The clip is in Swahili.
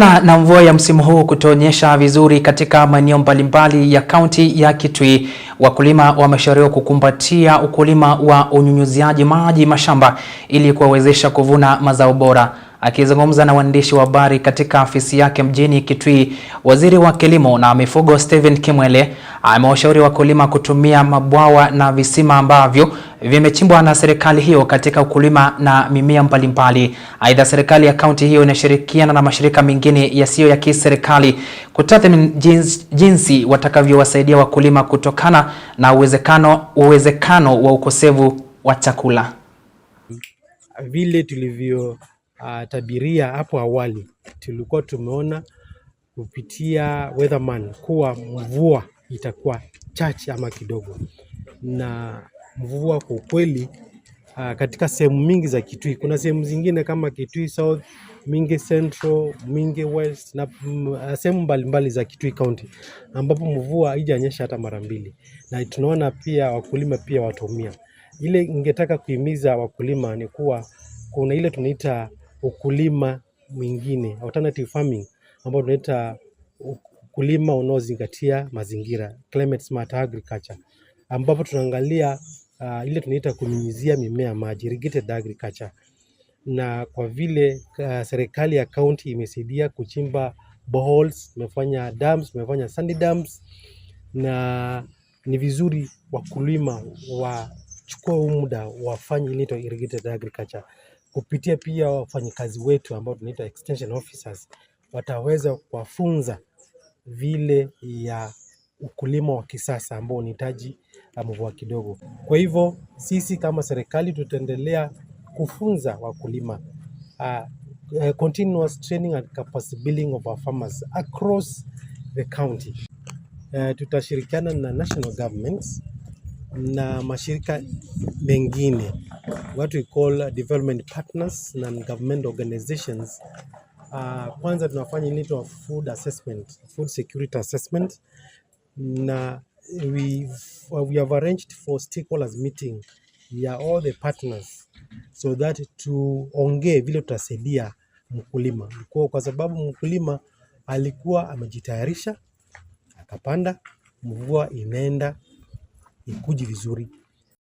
Na, na mvua ya msimu huu kutoonyesha vizuri katika maeneo mbalimbali ya kaunti ya Kitui, wakulima wameshauriwa kukumbatia ukulima wa unyunyuziaji maji mashamba ili kuwawezesha kuvuna mazao bora. Akizungumza na waandishi wa habari katika afisi yake mjini Kitui, waziri wa kilimo na mifugo Stephen Kimwele amewashauri wakulima kutumia mabwawa na visima ambavyo vimechimbwa na serikali hiyo katika ukulima na mimea mbalimbali. Aidha, serikali ya kaunti hiyo inashirikiana na mashirika mengine yasiyo ya kiserikali kutathmini jinsi, jinsi watakavyowasaidia wakulima kutokana na uwezekano, uwezekano wa ukosefu wa chakula vile tulivyo uh, tabiria hapo awali tulikuwa tumeona kupitia weatherman kuwa mvua itakuwa chache ama kidogo, na mvua kwa ukweli uh, katika sehemu mingi za Kitui, kuna sehemu zingine kama Kitui South, Mingi Central, Mingi West na mm, ah, sehemu mbalimbali za Kitui County ambapo mvua haijanyesha hata mara mbili, na tunaona pia wakulima pia watumia ile. Ningetaka kuhimiza wakulima ni kuwa kuna ile tunaita ukulima mwingine alternative farming ambao tunaita ukulima unaozingatia mazingira climate smart agriculture, ambapo tunaangalia uh, ile tunaita kunyunyizia mimea maji irrigated agriculture. Na kwa vile uh, serikali ya county imesaidia kuchimba boreholes, imefanya dams, imefanya sandy dams, na ni vizuri wakulima wachukua huu muda wafanye ile irrigated agriculture kupitia pia wafanyikazi wetu ambao tunaita extension officers, wataweza kuwafunza vile ya ukulima wa kisasa ambao unahitaji mvua kidogo. Kwa hivyo sisi kama serikali tutaendelea kufunza wakulima uh, uh, continuous training and capacity building of our farmers across the county. Uh, tutashirikiana na national governments na mashirika mengine what we call development partners and government organizations. Uh, kwanza tunafanya inaitwa food assessment, food security assessment na we we have arranged for stakeholders meeting ya all the partners so that tuongee vile tutasaidia mkulima kwa, kwa sababu mkulima alikuwa amejitayarisha akapanda, mvua inaenda ikuji vizuri